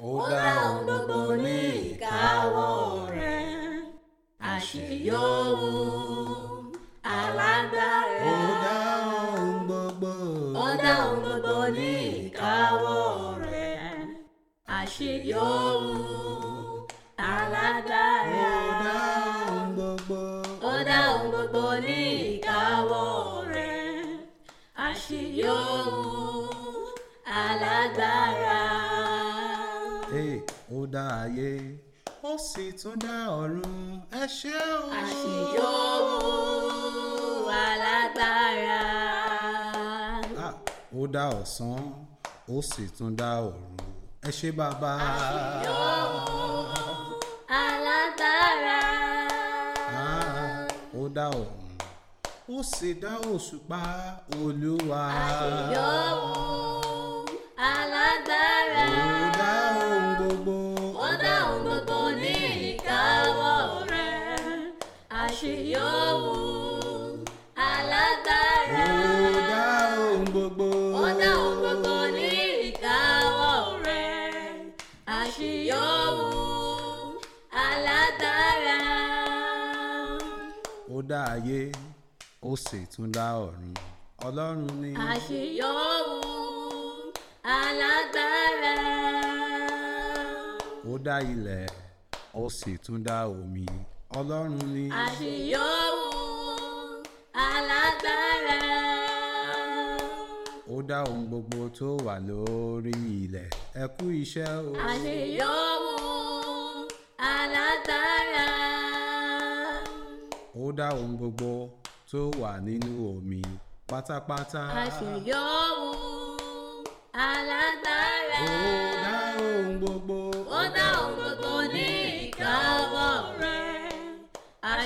ó dá ohun gbogbo ní ìkáwọ́ rẹ̀ àṣeyọ̀wò alágbára. ó dá ohun gbogbo. ó dá ohun ní ìkáwọ́ rẹ̀ àṣeyọ̀wò alágbára. ó ó dá ohun ní ìkáwọ́ rẹ̀ àṣeyọ̀wò. ó dá ayé ó sì tún dá ọ̀run ẹ ṣé o. àṣeyọ̀wò alágbára. ó dá ọ̀sán ó sì tún dá òru ẹ ṣé bàbá. àṣeyọ̀wò alágbára. ó dá ọ̀run ó sì dá òṣùpá olúwa. àṣeyọ̀wò alágbára. àṣeyọwò alágbára. ó dá ohun gbogbo. ó dá ohun gbogbo ní ìkáwọ́ rẹ̀ àṣeyọwò alágbára. ó dá ayé ó sì tún dá ọ̀run ọlọ́run ni. àṣeyọwò alágbára. ó dá ilẹ̀ ó sì tún dá omi. ọlọ́run ni. àṣeyọ̀wò alágbára. ó dá ohun gbogbo tó wà lórí ilẹ̀ ẹ kú iṣẹ́ o. àṣeyọ̀wò alágbára. ó dá ohun gbogbo tó wà nínú omi pátápátá. àṣeyọ̀wò alágbára. ó dá ohun gbogbo. ó dá.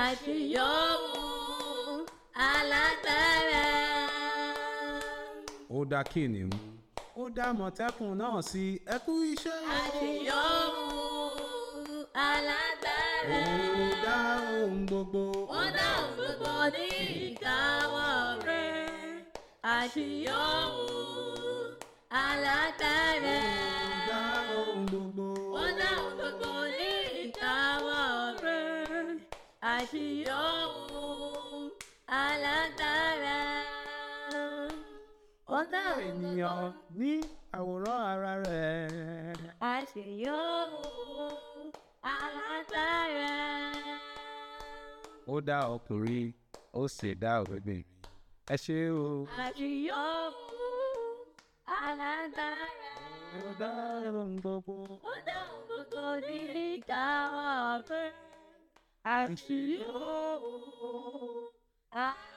àṣeyọ̀mù alágbára. ó dá kìnìún ó dá mọ̀tẹ́kùn náà sí ẹ kú iṣẹ́ o. àṣeyọ̀mù alágbára. ó dá ohun gbogbo. ó dá ohun gbogbo ní ìkáwọ́ rẹ̀ àṣeyọ̀mù alágbára. dá ènìyàn ní àwòrán ara rẹ̀. a sì yọ alágbára. ó dá ọkùnrin ó sì dá obìnrin. ẹ ṣé o. a sì yọ alágbára. ó dá ohun gbogbo. ó dá ohun gbogbo ní ìdáwọ́ ọ̀fẹ́. a sì yọ alágbára.